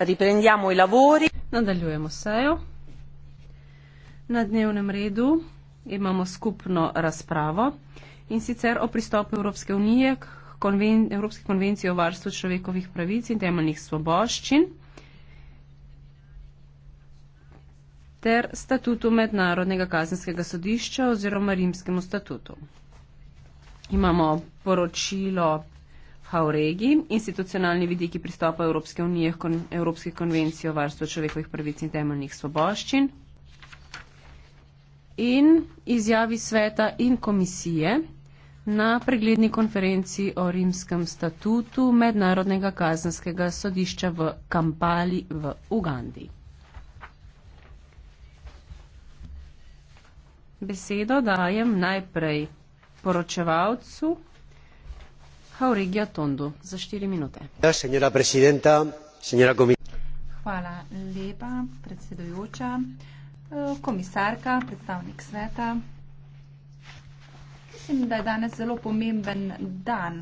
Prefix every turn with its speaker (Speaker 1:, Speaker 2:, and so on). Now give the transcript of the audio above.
Speaker 1: Riprendiamo i lavori. Nadaljujemo sejo. Na dnevnem redu imamo skupno razpravo in sicer o pristopu Evropske unije k konven Evropski konvenciji o varstvu človekovih pravic in temeljnih svoboščin ter statutu Mednarodnega kazenskega sodišča oziroma rimskemu statutu. Imamo poročilo Hauregi, institucionalni vidiki pristopa Evropske unije kon, Evropske konvencije o varstvu človekovih pravic in temeljnih svoboščin in izjavi sveta in komisije na pregledni konferenciji o rimskem statutu Mednarodnega kazanskega sodišča v Kampali v Ugandi. Besedo dajem najprej poročevalcu Jauregia Tondo za štiri minute. Ja, Hvala lepa, predsedujoča, eh, komisarka, predstavnik sveta. Mislim, da je danes zelo pomemben dan